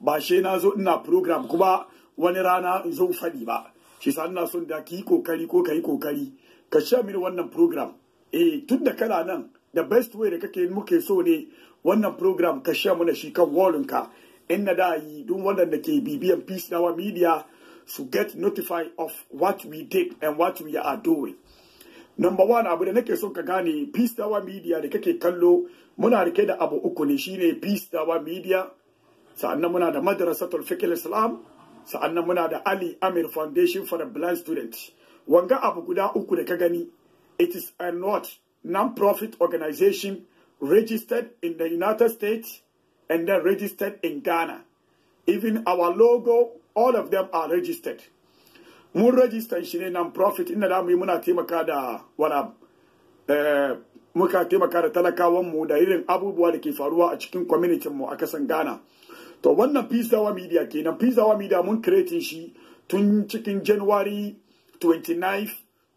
ba she na zo ina program kuma wani rana in zo faɗi ba shi sa ina son da ki kokari ko kai kokari ka sha mini wannan program eh tun da kana nan the best way da kake muke so ne wannan program ka sha mana shi kan wallin ka in na da yi duk da ke bibiyan peace now media su get notified of what we did and what we are doing number one abu da nake son ka gane peace now media da kake kallo muna rike da abu uku ne shine peace now media sa'annan muna da madrasatul fikil islam sa'annan muna da ali amir foundation for the blind student wanga abu guda uku da ka gani it is a not non-profit organization registered in the united states and then registered in ghana even our logo all of them are registered mun register shi ne non-profit inda da yi muna taimaka da wala eh, muka taimaka da talakawanmu da irin abubuwa da ke faruwa a cikin kwamitin mu a kasan ghana to wannan peace hour media kenan peace hour media mun creating shi tun cikin january 29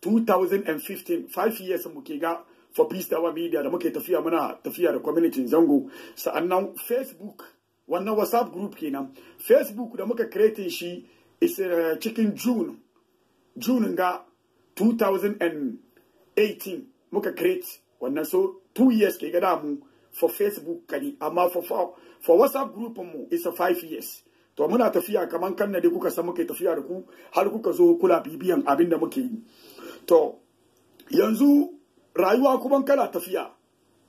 2015 5 years muke ga for peace hour media da muke tafiya muna tafiya da community zango sa'annan facebook wannan whatsapp group kenan facebook da muka creating shi is uh, cikin june june ga 2018 muka create wannan so two years ke ga mu. for facebook kadi amma for for whatsapp group mu is a 5 years to muna tafiya kaman kan da kuka san muke tafiya da ku har kuka zo kula bibiyan abin da muke yi to yanzu rayuwa kuma kana tafiya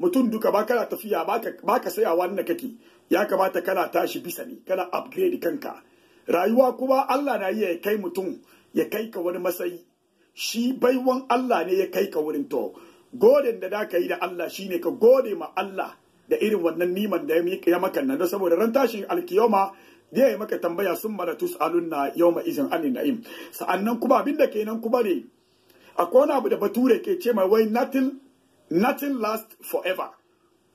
mutum duka ba kana tafiya ba ka a wannan kake ya kamata kana tashi bisa ne kana upgrade kanka rayuwa kuma Allah na iya kai mutum ya kai ka wani matsayi shi baiwan Allah ne ya kai ka wurin to godin da za ka yi da Allah shine ka gode ma Allah da irin wannan niman da ya maka nan saboda ran tashin alkiyoma zai yi maka tambaya sun mara yau yawma izin anin na'im sa'annan kuma abin da ke nan kuma ne akwai wani abu da bature ke ce mai wai nothing nothing last forever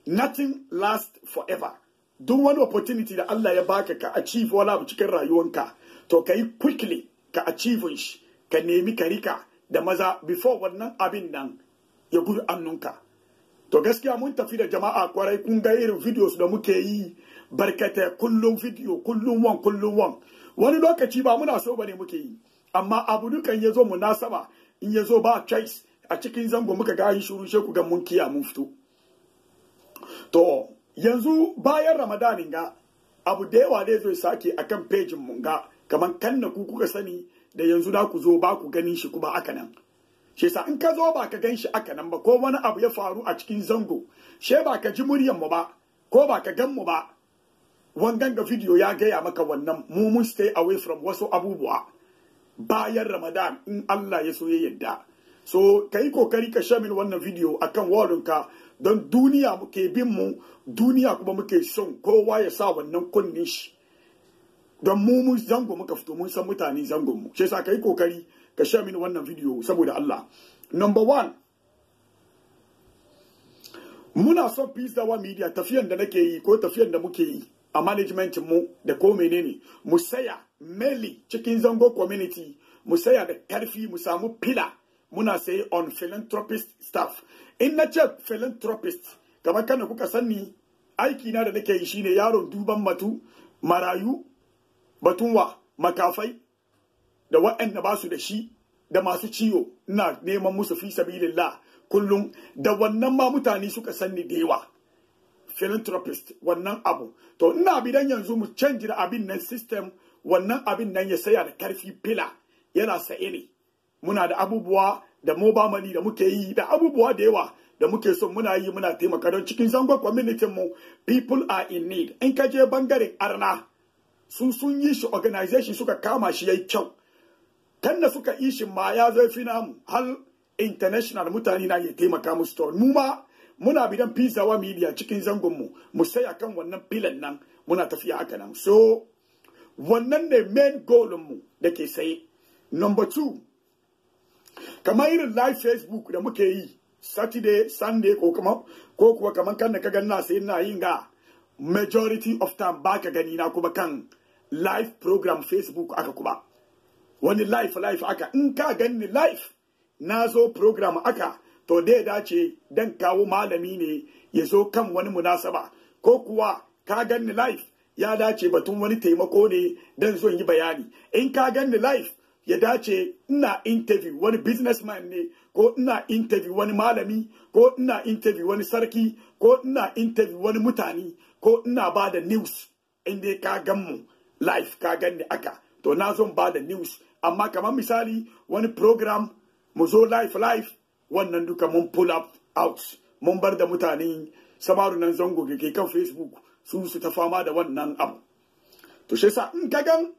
nothing last forever duk wani opportunity da Allah ya baka ka achieve wani abu cikin rayuwanka to ka yi quickly ka achieve shi ka nemi ka rika da maza before wannan abin nan ya bugi annunka to gaskiya mun tafi da jama'a kwarai kun ga irin videos da muke yi barkata kullum video kullum wan kullum wan wani lokaci ba muna so ne muke yi amma abu dukan ya zo munasaba in ya zo ba choice a cikin zango muka ga yin shuru sheku ga mun kiya mun fito to yanzu bayan ramadanin ga abu da yawa zai sake a kan pejin mun ga kaman kan ku kuka sani da yanzu da ku zo ba ku ganin shi kuma aka nan shi sa in ka zo ba ka gan shi aka nan ba ko wani abu ya faru a cikin zango she ba ka ji muryan mu ba ko ba ka gan mu ba wangan ganga video ya gaya maka wannan mu mun stay away from wasu abubuwa bayan ramadan in Allah ya so ya yadda so ka yi kokari ka shamin wannan video akan ka don duniya muke bin mu duniya kuma muke son kowa ya sa wannan kunnin shi don mu mun zango muka fito mun san mutane zangon mu shi ka kai kokari ka sha mini wannan video saboda Allah number one muna son peace wa media tafiyan da nake yi ko tafiyan da muke yi a management mu da ko menene mu saya mainly cikin zango community mu saya da karfi mu samu pila muna sayi on philanthropist staff in na ce philanthropist kamar kana kuka sani aiki na da nake yi shine yaron duban matu marayu batunwa makafai da waɗanda ba su da shi da masu ciwo ina neman musu fi sabilillah kullum da wannan ma mutane suka sanni da yawa philanthropist wannan abu to ina bidan yanzu mu canji da abin nan system wannan abin nan ya saya da karfi fila yana saye ne muna da abubuwa da mobile money da muke yi da abubuwa da yawa da muke so muna yi muna taimaka don cikin zangon community mu people are in need in ka je bangaren arna sun sun yi shi organization suka kama shi yayi kyau kan da suka ishin ma ya zai fi namu hal international mutane na iya taimaka musu to mu ma muna bidan wa media cikin zangon mu mu sai akan wannan filan nan muna tafiya haka nan so wannan ne main goal mu da ke sai number two kamar irin live facebook da muke yi saturday sunday ko kuma ko kuwa kamar kan da ka ganna sai ina yin ga majority of time ka gani na kuma kan live program facebook aka kuma wani life life aka in ka ganni life na zo program aka to dai dace dan kawo malami ne ya zo kan wani munasaba ko kuwa ka ganni life ya dace batun wani taimako ne dan zo yi bayani in ka ganni life ya dace ina interview wani businessman ne ko ina interview wani malami ko ina interview wani sarki ko ina interview wani mutane ko ina ba da news in dai ka ganmu mu life ka ganni aka to na zo ba da news amma kamar misali wani program mu zo life life wannan duka mun pull up out mun bar da mutane samaru nan zango ke kan facebook su su ta fama da wannan abu to shi sa in ka gan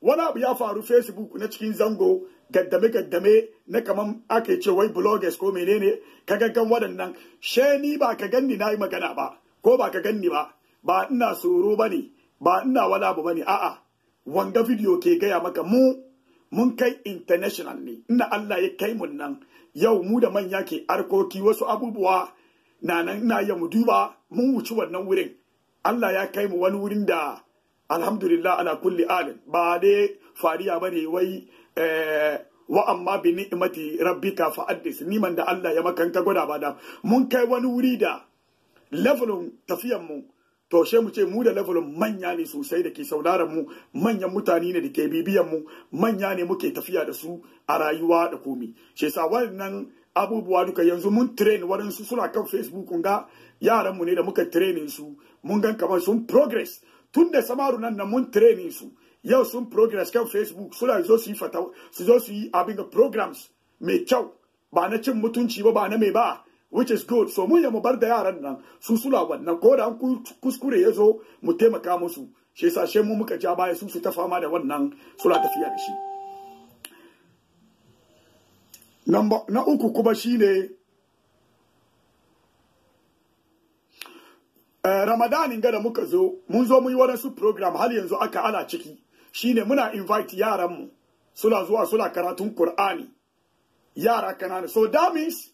wani abu ya faru facebook na cikin zango gaddame gaddame na kamar ake ce wai bloggers ko menene ka gaggan waɗannan she ni ba ka ganni na yi magana ba ko ba ka ganni ba ba ina tsoro ba ne ba ina wala abu ba ne a'a wanga video ke gaya maka mu mun kai international ne ina Allah ya kai mun nan yau mu da manya ke arkoki wasu abubuwa na nan ina ya mu duba mun wuci wannan wurin Allah ya kai mu wani wurin da alhamdulillah ala kulli alin ba dai fariya bane wai eh, wa amma bi ni'mati rabbika fa addis niman da Allah ya makanka gwada ba da mun kai wani wuri da levelin tafiyan mu to she mu ce mu da level manya ne sosai da ke saudaran mu manyan mutane ne da ke bibiyan mu manya ne muke tafiya da su a rayuwa da komi she yasa wannan abubuwa duka yanzu mun train su suna kan facebook ga yaran mu ne da muka training su mun gan kamar sun progress tun da samaru nan na mun training su yau sun progress kan facebook suna zo su yi fata su zo su yi abin programs mai kyau ba na cin mutunci ba ba na mai ba which is good so mun ya mu bar da yaran nan su sula wannan ko da an kuskure ya zo mu taimaka musu shi yasa she mu muka ja baya su su ta fama da wannan sula tafiya da shi na uku kuma shine eh, ramadanin ga da muka zo mun zo mun yi su program har yanzu aka ala ciki shine muna invite yaranmu suna zuwa suna karatun Kur'ani yara kanana so that means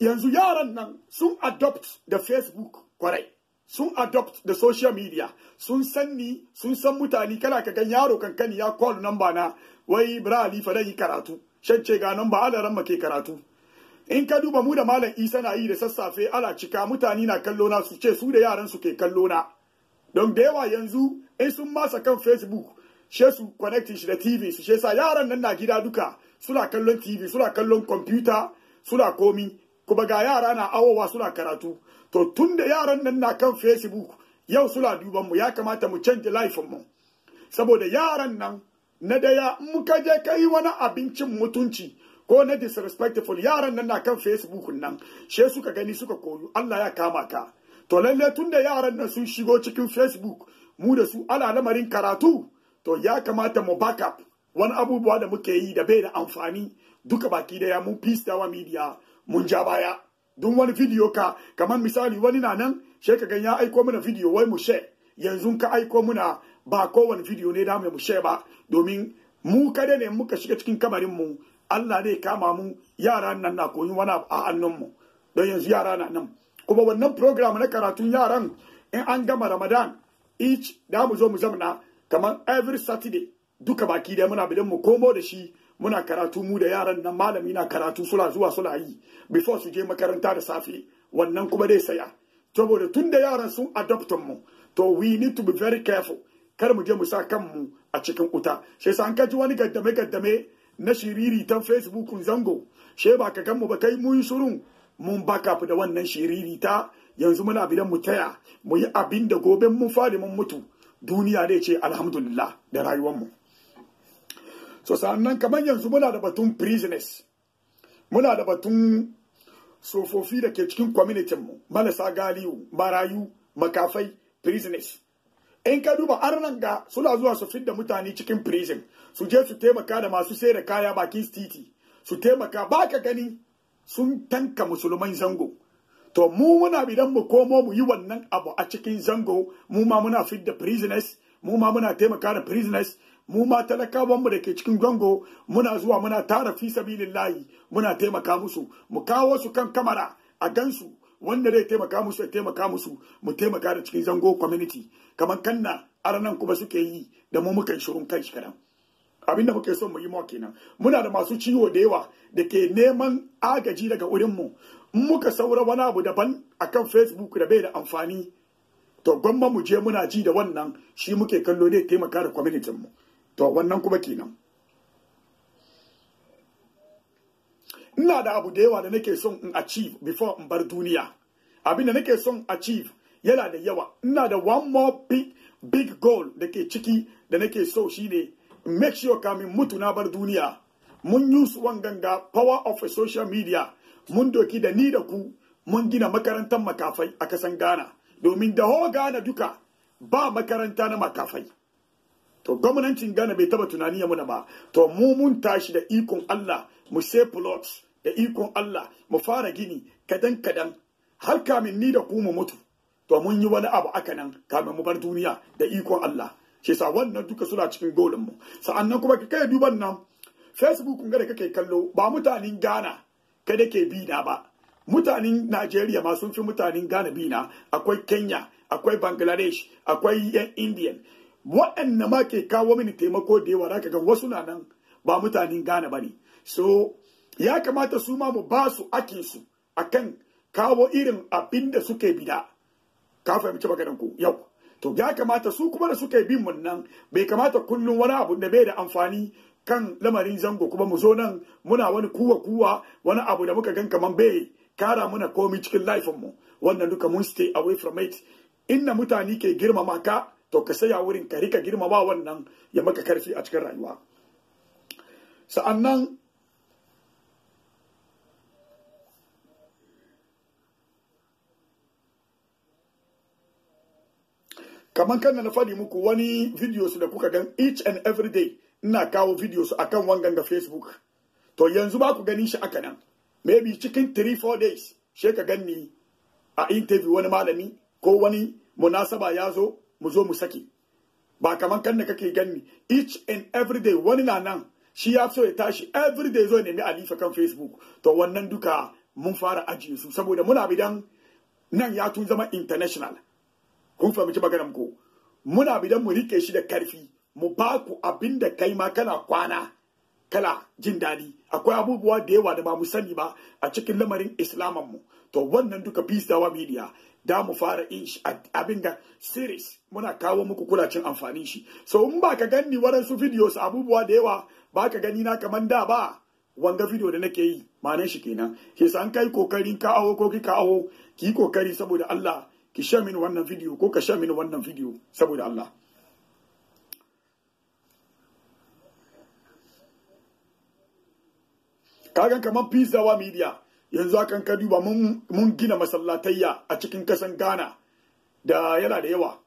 yanzu yaran nan sun adopt da facebook kwarai sun adopt da social media sun sanni sun san mutane kana ka gan yaro kankani ya call namba na wai bra ali fa yi karatu shan ce ga namba alaran ma ke karatu in ka duba mu da malam isa na yi da sassafe ala cika mutane na kallo na su ce su da yaran su ke kallo na don da yawa yanzu in sun masa kan facebook she su connect shi da tv su she sa yaran nan na gida duka suna kallon tv suna kallon computer suna komi kuma ga yara na awowa suna karatu to tun da yaran nan na kan facebook yau suna duban mu ya kamata mu canja laifin mu saboda yaran nan na daya in muka je kai wani abincin mutunci ko na disrespectful yaran nan na kan facebook nan she suka gani suka koyu Allah ya kama ka to lalle tun da yaran nan sun shigo cikin facebook mu da su ala lamarin karatu to ya kamata mu backup wani abubuwa da muke yi da bai da amfani duka baki daya mun peace media mun ja baya duk wani video ka kamar misali wani na nan sai ka ya aiko mana video wai mu share yanzu ka aiko muna ba kowane video ne da mu share ba domin mu kada ne muka shiga cikin kamarin mu Allah ne kama mu yara nan na koyi wani a hannun mu don yanzu yara na nan kuma wannan program na karatun yaran in an gama Ramadan each da mu zo mu zamna kamar every Saturday duka baki da muna bidan mu komo da shi muna karatu mu da yaran nan malami na karatu suna zuwa suna yi before su je makaranta da safe wannan kuma dai saya saboda tun da yaran sun adoptan mu to we need to be very careful kar mu je mu sa kanmu a cikin kuta sai sa an kaji wani gaddame gaddame na shiriri ta facebook zango she ba ka kanmu ba kai mu yi shirun mun baka da wannan shiriri ta yanzu muna bidan mu taya mu yi abin da gobe mun fadi mun mutu duniya dai ce alhamdulillah da rayuwar mu so sa'annan kamar yanzu muna da batun prisoners muna da batun tsofaffi da ke cikin community mu malasa galiyu marayu makafai prisoners in ka duba arnan ga suna zuwa su da mutane cikin prison su je su taimaka da masu sai kaya bakin titi su taimaka ba ka gani sun tanka musulman zango to mu muna bidan mu komo mu yi wannan abu a cikin zango mu ma muna fidda prisoners mu ma muna taimaka da prisoners mu ma talakawanmu da ke cikin gwango muna zuwa muna tara fi layi muna taimaka musu mu kawo su kan kamara a gansu wanda zai taimaka musu ya taimaka musu mu taimaka da cikin zango community kamar kanna aranan kuma suke yi da mu muka shirin kan shi kadan abin da muke so mu yi mawa kenan muna da masu ciwo da yawa da ke neman agaji daga wurin mu in muka saura wani abu daban akan facebook da bai da amfani to gwamma mu je muna ji da wannan shi muke kallo ne taimaka da kwamitin mu to wannan kuma kenan ina da abu da yawa da nake son in achieve before in bar duniya abin da nake son achieve yana da yawa ina da one more big big goal da ke ciki da nake so shine make sure kamin mutu na bar duniya mun use ganga power of a social media mun doki da ni da ku mun gina makarantar makafai a kasan Ghana domin da ho Ghana duka ba makaranta na makafai to gwamnatin Ghana bai taba tunani ya muna ba to mu mun tashi da ikon Allah mu sai plot da ikon Allah mu fara gini kadan kadan har kamin ni da ku mu mutu to mun yi wani abu aka nan kamin mu bar duniya da ikon Allah shi yasa wannan duka suna cikin golin mu sa'annan kuma ka kai duban nan Facebook kun ga da kake kallo ba mutanen Ghana kada ke bi na ba mutanen Najeriya ma sun fi mutanen Ghana bi na akwai Kenya akwai Bangladesh akwai yan Indian waɗanda ma ke kawo mini taimako da yawa ga wasu na nan ba mutanen gane ba ne so ya kamata su ma mu ba su akin su kan kawo irin abin da suke bida ka fahimci maganar ku yau to ya kamata su kuma da suke bin mun nan bai kamata kullum wani abu da bai da amfani kan lamarin zango kuma mu zo nan muna wani kuwa kuwa wani abu da muka gan kaman bai kara muna komi cikin laifinmu mu wannan duka mun stay away from it ina mutane ke girmama ka to ka saya wurin ka rika ba wannan ya maka karfi a cikin rayuwa sa'annan kamar kan na faɗi muku wani videos da kuka gan each and every day ina kawo su akan wangan ga facebook to yanzu ba ku ganin shi aka nan maybe cikin 3-4 days she ka ganni a interview wani malami ko wani munasaba ya zo mu zo mu saki ba kaman kan da kake ganni each and every day wani na nan shi ya so ya tashi every day zo ya nemi alifa kan facebook to wannan duka mun fara ajiye su saboda muna bidan nan ya tun zama international kun fahimci maganar ko muna bidan mu rike shi da karfi mu ba ku abin da kai ma kana kwana kala jin daɗi akwai abubuwa da yawa da ba mu sani ba a cikin lamarin islamanmu to wannan duka bisawa media da mu fara in shi abin da series muna kawo muku kula cin amfanin shi so in ba ka gani waɗansu videos abubuwa da yawa ba ka gani na kaman da ba wanga video da nake yi ma'anar shi kenan ke san kai kokarin ka awo ko ki ka awo ki kokari saboda Allah ki sha mini wannan video ko ka sha mini wannan video saboda Allah kagan kaman pizza wa media yanzu akan ka duba mun gina masallatayya a cikin kasan ghana da yana da yawa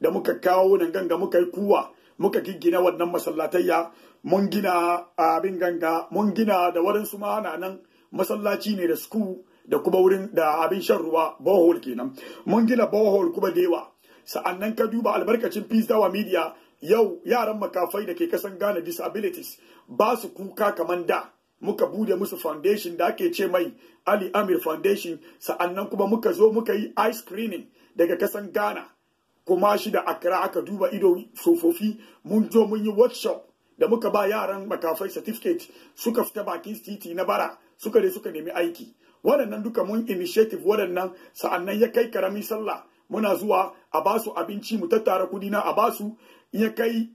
da muka kawo nan ganga muka yi kuwa muka gina wannan masallatayya mun gina abin ganga mun gina da waɗansu su na nan masallaci ne da sku da kuma wurin da abin shan ruwa bohol kenan mun gina bohol kuma da yawa sa'annan ka duba albarkacin peace tower media yau yaran makafai da ke kasan ghana disabilities ba su kuka kamar da muka bude musu foundation da ake ce mai Ali Amir Foundation sa'annan kuma muka zo muka yi eye screening daga kasan Ghana kuma shi da Accra aka duba ido tsofaffi mun zo mun yi workshop da muka ba yaran makafai certificate suka fita bakin titi na bara suka je suka nemi aiki waɗannan duka mun initiative waɗannan sa'annan ya kai karamin sallah muna zuwa a basu abinci mu tattara kudi na a basu ya kai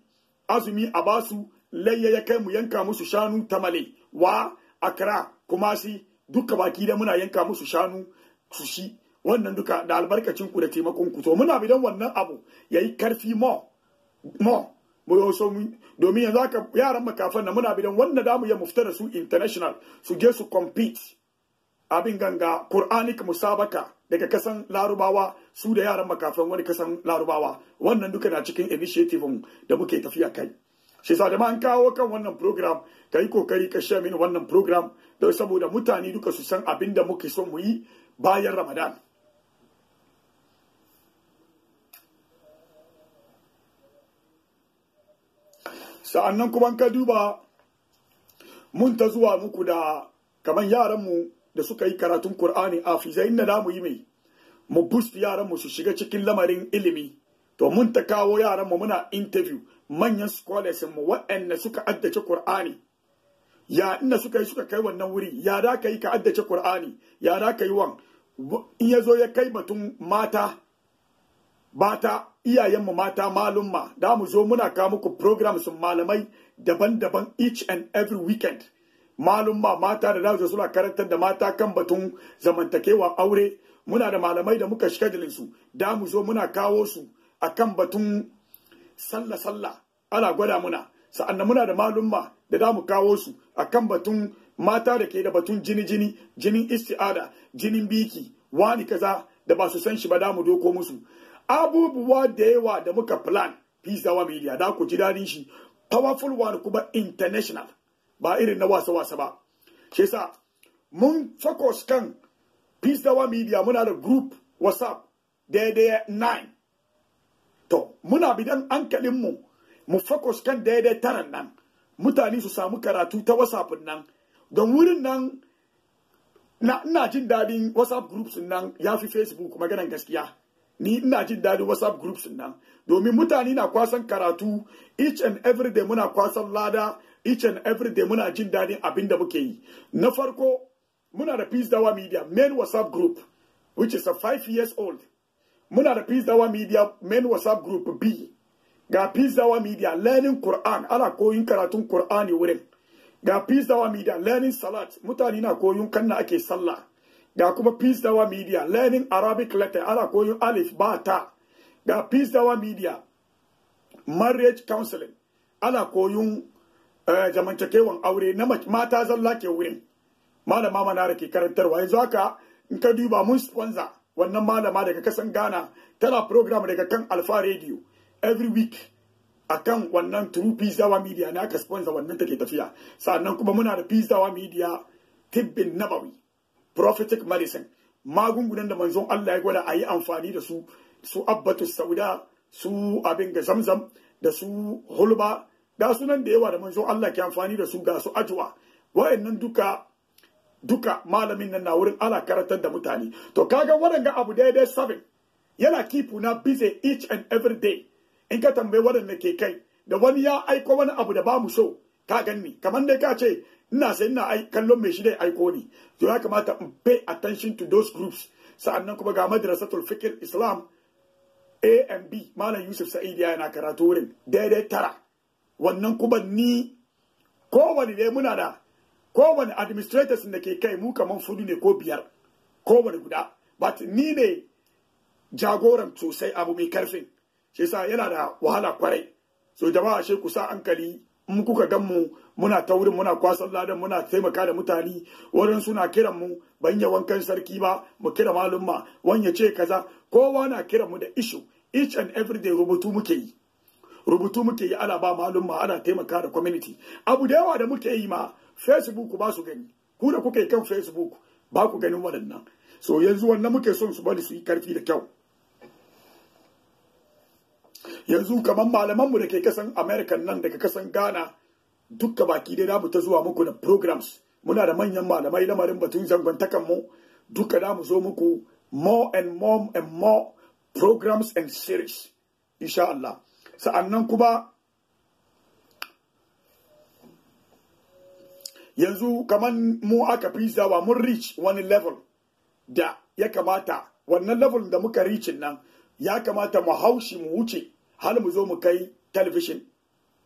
azumi a basu layya ya kai mu yanka musu shanu tamale wa akra kumasi duka baki da muna yanka musu shanu su shi wannan duka da albarkacin ku da taimakon ku to muna bidan wannan abu yayi karfi mo mo mu so mu domin yanzu aka yaran makafan na muna bidan wannan damu ya muftara da su international su je su compete abin ganga qur'anic musabaka daga kasan larubawa su da yaran makafan wani kasan larubawa wannan duka na cikin initiative da muke tafiya kai shi sa da ma an kawo kan wannan program ka yi kokari ka shi mini wannan program don saboda mutane duka su san abin da muke son mu yi bayan ramadan sa'annan kuma ka duba mun ta zuwa muku da kamar yaranmu da suka yi karatun Kur'ani a fizayin da mu yi mai mu boost yaranmu su shiga cikin lamarin ilimi to mun ta kawo yaranmu muna interview manyan scholars mu waɗanda suka addace Qur'ani ya inda suka yi suka kai wannan wuri ya da ka yi ka addace Qur'ani ya da ka yi wan in ya ya kai batun mata bata mu mata malumma da mu zo muna kawo muku programs malamai daban-daban each and every weekend malumma mata da za suna karantar da mata kan batun zamantakewa aure muna da malamai da muka shiga su da mu zo muna kawo su akan batun sallah sallah ana gwada muna sa'annan muna da malumma da za mu kawo su a kan batun mata da ke da batun jini jini jinin isti'ada jinin biki wani kaza da ba su san shi ba da mu doko musu abubuwa da yawa da muka plan pizza wa media da ku ji dadin shi powerful one kuma international ba irin na wasa wasa ba shi yasa mun focus kan pizza wa media muna da group whatsapp daidai 9 to muna bidan hankalin mu mu focus kan daidai taran nan mutane su samu karatu ta whatsapp nan don wurin nan na ina jin dadin whatsapp groups nan ya fi facebook maganan gaskiya ni ina jin daɗin whatsapp groups nan domin mutane na kwasan karatu each and every day muna kwasan lada each and every day muna jin daɗin abin da muke yi na farko muna da peace dawa media main whatsapp group which is a five years old muna da peace dawa media main whatsapp group b ga peace dawa media learning quran ana koyin karatun ne wurin ga peace dawa media learning salat mutane na koyun kanna ake sallah ga kuma peace dawa media learning arabic letter ana koyin alif ba ta ga peace dawa media marriage counseling ana koyin uh, eh, zamantakewan aure na mata zalla ke wurin malama mana ke karantarwa yanzu haka in ka duba mun sponsor wannan malama daga kasan Ghana tana program daga kan Alfa Radio every week akan wannan True Pizzawa Media na aka sponsor wannan take tafiya sannan kuma muna da Pizzawa Media Tibbin Nabawi Prophetic Medicine magungunan da manzon Allah ya gwada a yi amfani da su su abbatu sauda su abin ga zamzam da su hulba da sunan da yawa da manzon Allah ke amfani da su ga su ajuwa wa'annan duka duka malamin nan na wurin ana karatar da mutane to kaga waɗanga abu daidai sabin yana kipu na busy each and every day in ka tambayi waɗanda ke kai da wani ya aiko wani abu da ba mu so ka ganni kamar dai ka ce ina sai ina kallon mai shi dai aiko ni to ya kamata in pay attention to those groups sa'annan kuma ga madrasatul fikir islam amb malam yusuf ya yana karatu wurin daidai tara wannan kuma ni kowane ne muna da kowane administrators da ke kai mu kamar fudu ne ko biyar kowane guda but ni ne jagoran sosai abu mai karfin shi sa yana da wahala kwarai so jama'a shi ku sa hankali in kuka gan mu muna ta wurin muna kwasan ladan muna taimaka da mutane wurin suna kiran mu ban yi wankan sarki ba mu kira malumma wani ya ce kaza kowa na kiran mu da issue each and every day rubutu muke yi rubutu muke yi ana ba malumma ana taimaka da community abu da yawa da muke yi ma facebook ba su gani ku da kuka yi kan facebook ba ku ganin waɗannan so yanzu wannan muke son su bari su yi karfi da kyau yanzu kamar malamanmu da ke kasan america nan daga kasan ghana duka baki dai mu ta zuwa muku da programs muna da manyan malamai lamarin batun zangontakan mu duka mu zo muku more and more and more programs and series insha Allah sa'annan kuma yanzu kaman mu aka fi wa mun reach wani level da ya kamata wannan level da muka reachin nan ya kamata mu haushi mu wuce har mu zo mu kai television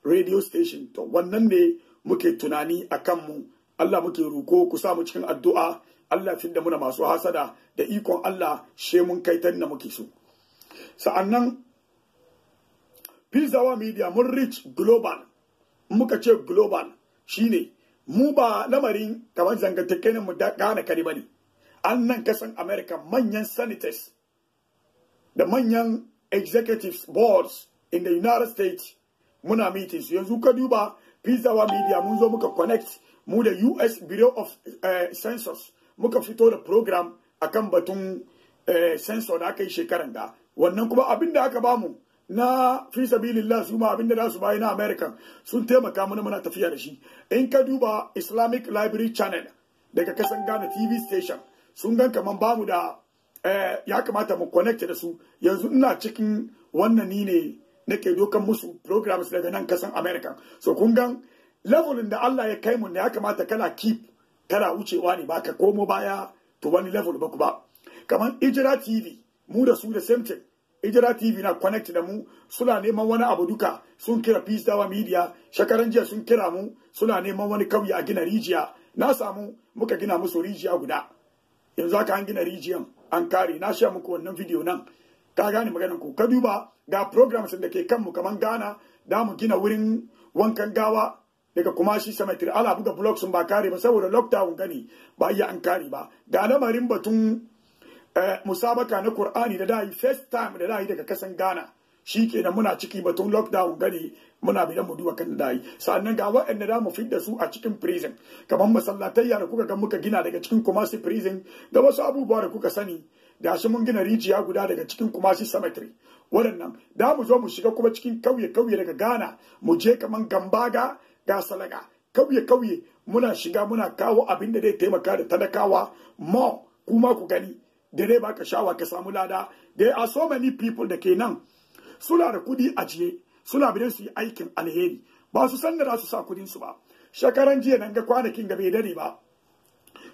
radio station to wannan ne muke tunani a kanmu Allah muke ruko ku sa mu cikin addu'a Allah fidda muna masu hasada da ikon Allah she mun kai ta da muke so sa'annan wa Media mun reach global muka ce global shine mu ba lamarin kamar ne mu da gane kari bane an nan kasan america manyan senators da manyan executives boards in the united states muna meetings yanzu ka duba wa media mun zo muka connect mu da us bureau of uh, census muka fito da program akan batun uh, eh, sensor da aka yi shekaran da wannan kuma abin da aka bamu na fi sabilillah su ma da za su bayi na america sun taimaka mana muna tafiya da shi in ka duba islamic library channel daga kasan ghana tv station sun gan kaman bamu da eh, ya kamata mu connect da su yanzu ina cikin wannan ni ne nake dokan musu programs daga nan kasan america so kun gan levelin da allah ya kai mu ne ya kamata kana keep kana wucewa ne ba ka komo baya to wani level ba ku ba kaman ijira tv mu da su da same thing Ijira TV na connect da mu suna neman wani abu duka sun kira Peace Media shakaran jiya sun kira mu suna neman wani kauye a gina rijiya na samu muka gina musu rijiya guda yanzu aka an gina rijiyan an kare na sha muku wannan video nan ka gane maganar ku ka duba ga programs da ke kan kanmu kaman Ghana da mu gina wurin wankan gawa daga kuma shi cemetery ala buga blocks sun ba kare ba saboda lockdown gani ba iya an kare ba ga lamarin batun Eh, musabaka na Kur'ani da dai first time da dai daga kasan Ghana shi kenan muna ciki batun lockdown gani muna bidan mu duba kan dai sannan ga waɗanda da mu fidda su a cikin prison kamar ya da kuka ga muka gina daga cikin Kumasi prison da wasu abubuwa da kuka sani da shi mun gina rijiya guda daga cikin Kumasi cemetery waɗannan da mu zo mu shiga kuma cikin kauye-kauye daga Ghana mu je kaman Gambaga ga Salaga kauye-kauye muna shiga muna kawo abin da zai taimaka da talakawa mo kuma ku gani da ne baka shawa ka samu lada there are so many people da ke nan suna da kudi ajiye suna bidan su yi aikin alheri ba su san da za su sa kudin su ba shekaran jiya nan ga kwanakin ga bai dare ba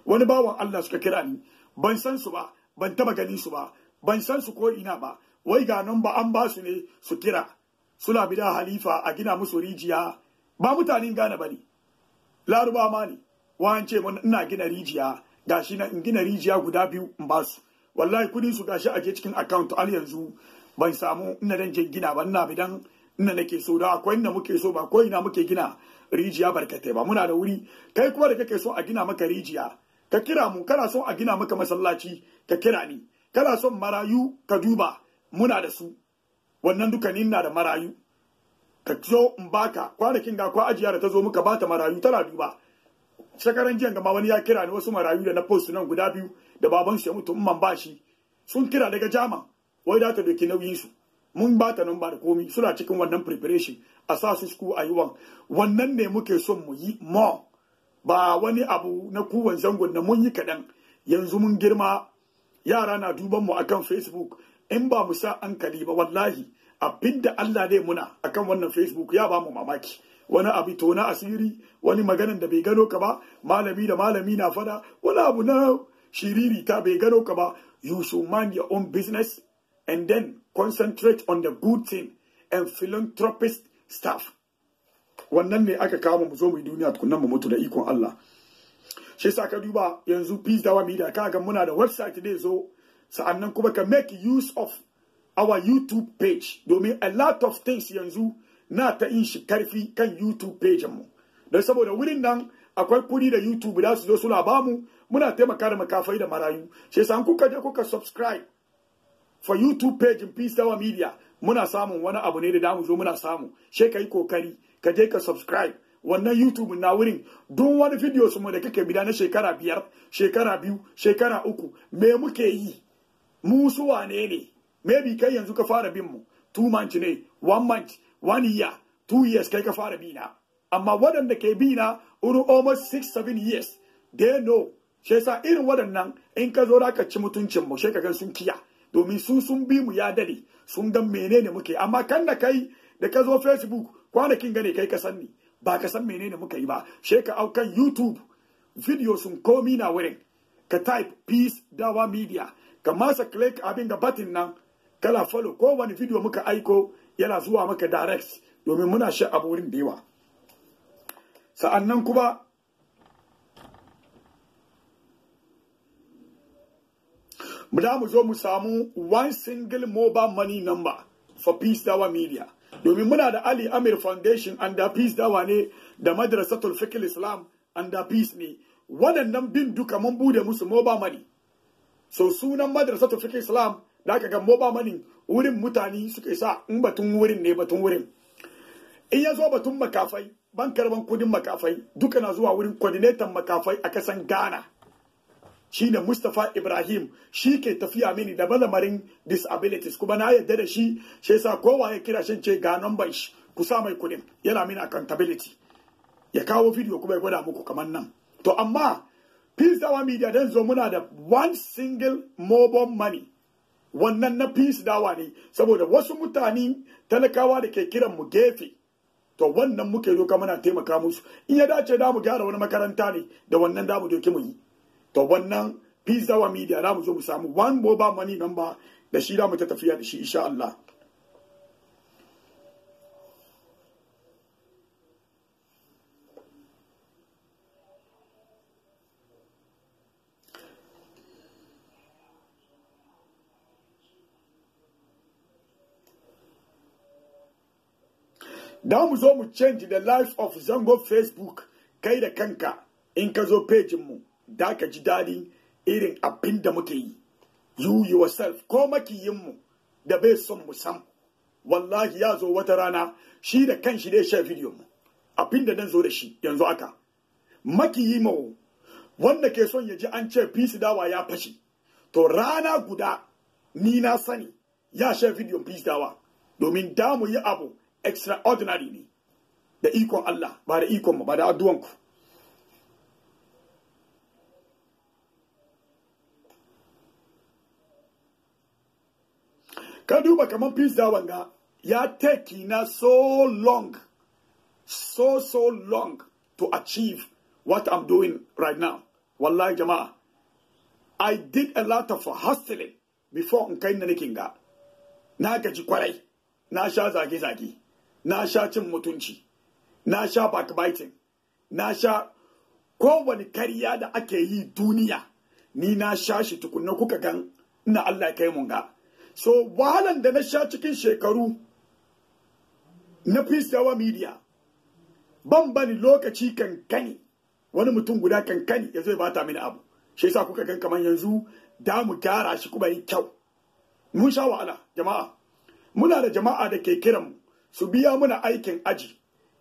wani bawan Allah suka kira ni ban san su ba ban taba ganin su ba ban san su ko ina ba wai ga nan ba an ba su ne su kira suna bida halifa a gina musu rijiya ba mutanen gane ba ne laruba ma ne Wa wance ina gina rijiya gashi na in gina rijiya guda biyu in ba su wallahi kudin su gashi a je cikin account al yanzu ban samu ina dan je gina ba ina bidan ina nake so da akwai ina muke so ba Akwai ina muke gina rijiya barkatai ba muna da wuri kai kuma da kake so a gina maka rijiya ka kira mu kana so a gina maka masallaci ka kira ni kana so marayu ka duba muna da su wannan duka ni na da marayu ka zo in baka kwanakin ga kwa ajiya da ta zo muka bata marayu tana duba shekaran jiya gama wani ya kira ni wasu marayu da na post nan guda biyu da baban shi ya mutu man ba shi sun kira daga jama wai da ta doki nauyin su mun ba ta nan da komi suna cikin wannan preparation a sa su sku a yi wan wannan ne muke son mu yi more ba wani abu na kuwan zangon na mun yi kaɗan yanzu mun girma yara na duban mu akan facebook in ba mu sa hankali ba wallahi abin da Allah zai muna akan wannan facebook ya ba mu mamaki wani abu to na asiri wani maganan da bai gano ka ba malami da malami na fada wani abu na shiriri ta bai gano ka ba you should mind your own business and then concentrate on the good thing and philanthropist stuff wannan ne aka kawo mu zo mu duniya tukunan mu mutu da ikon Allah shi sa ka duba yanzu peace dawa media kaga muna da website da zo sa'annan kuma ka make use of our YouTube page domin a lot of things yanzu na ta yin shi karfi kan YouTube page mu don saboda wurin nan akwai kuri da YouTube da su zo suna bamu muna taimaka da makafai da marayu shi yasa kuka je kuka subscribe for youtube page in peace tower media muna samun wani abu ne da damu zo muna samu she kai kokari ka je ka subscribe wannan youtube na wurin duk wani video su mu da kake bida na shekara biyar shekara biyu shekara uku me muke yi mu su wane ne maybe kai yanzu ka fara bin mu two months ne one month one year two years kai ka fara bina amma waɗanda ke bina wurin almost six seven years they know shi yasa irin waɗannan in ka zo ka ci mutuncin mu shi kaga sun kiya domin su sun bi mu ya dare sun ga menene muke amma kan da kai da ka zo facebook kwanakin gane kai ka san ni ba ka san menene muka yi ba shi ka au kan youtube video sun komi na wurin ka type peace dawa media ka masa click abin da batin nan kala follow ko wani video muka aiko yana zuwa maka direct domin muna shi a wurin da yawa sa'annan kuma mu da mu zo mu samu one single mobile money number for peace dawa media domin muna da ali amir foundation under peace dawa ne da madrasatul fikil islam under peace ne waɗannan bin duka mun bude musu mobile money so sunan madrasatul fikil islam da aka ga mobile money wurin mutane suka sa in batun wurin ne batun wurin in ya zo batun makafai ban kudin makafai duka na zuwa wurin coordinator makafai a kasan ghana shi ne Mustapha Ibrahim shi ke tafiya mini da malamarin disabilities kuma na yarda da shi shi yasa kowa ya kira shi ce ga number shi ku mai kudin yana mini accountability ya kawo video kuma ya gwada muku kamar nan to amma Peace Dawa Media dan zo muna da one single mobile money wannan na Peace Dawa ne saboda wasu mutane talakawa da ke kiran mu gefe to wannan muke doka muna taimaka musu in ya dace da mu gyara wani makaranta ne da wannan da mu doki mu yi to wannan pizza wa media za mu zo mu samu one mobile money number da shi da mu ta tafiya da shi insha Allah da mu zo mu change the life of zango facebook kai da kanka in ka zo mu da ka ji daɗin irin abin da muke yi you yourself ko makiyinmu da bai son mu wallahi ya zo wata rana shi da kan shi dai sha video mu abin da nan zo da shi yanzu aka makiyi mawo wanda ke son ya ji an ce peace dawa ya fashe to rana guda ni na sani ya sha video peace dawa domin da mu yi abu extraordinary ne da ikon Allah ba da ikonmu ba da ku. ka duba kamar peace da wanga ya take na so long so so long to achieve what I'm doing right now wallahi jama'a I did a lot of hustling before in kai na nake ga na gaji kwarai na sha zage-zage na sha cin mutunci na sha backbiting na sha kowane karya da ake yi duniya ni na sha shi tukunna kuka gan ina Allah ya kai mun ga so wahalan da na sha cikin shekaru na Fis-a-Wa media ban bani lokaci kankani wani mutum guda kankani ya zai bata mini abu shi yasa kuka gan kamar yanzu da mu gyara shi kuma yi kyau mun sha wahala jama'a muna da jama'a da ke kiran su biya muna aikin aji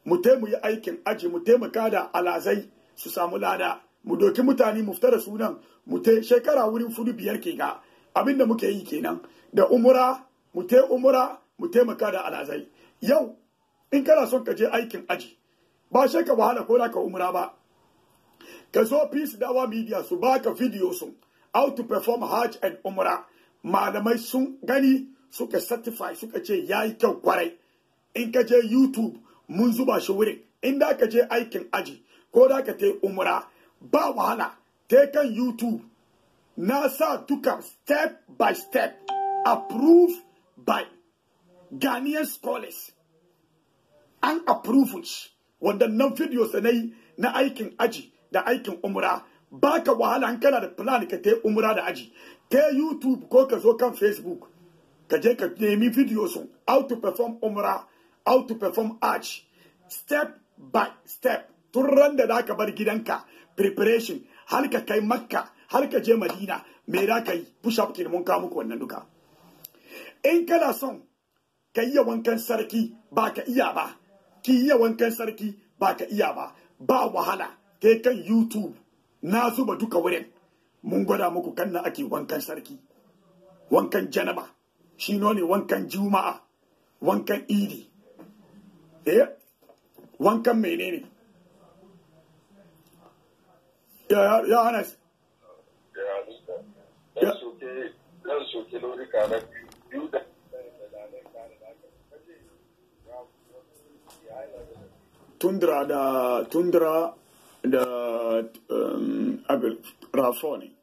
mu yi aikin aji mu taimaka da alazai su samu lada mu doki mutane mu fita da sunan mu te shekara wurin fudu biyar ke ga abin da muke yi kenan da umura mu te umura mu taimaka da alazai yau in kana son ka je aikin aji ba shi ka wahala ko ka umura ba ka zo peace dawa media su baka video sun how to perform hajj and umura malamai sun gani suka certify suka ce yayi kyau kwarai in ka je youtube mun zuba shi wurin in da ka je aikin aji ko da ka te umura ba wahala te kan youtube na sa a step by step approved by Ghanaian scholars an approvals. When wanda nan videos da na na aikin aji da aikin umra baka wahala in kana da plan ka ta umra da aji ta YouTube ko ka zo kan Facebook ka je ka nemi videos how to perform umra how to perform hajj step by step tun da da zaka bar gidanka preparation har ka kai makka har ka je madina me za ka yi push up mun ka muku wannan duka in kana son ka iya wankan sarki ba ka iya ba ki iya wankan sarki ba ka iya ba ba wahala kai kan youtube na zuba duka wurin mun gwada muku kan na ake wankan sarki wankan janaba shi ne wankan juma'a wankan idi eh wankan menene ya ya tundra da tundra da um, abel rafoni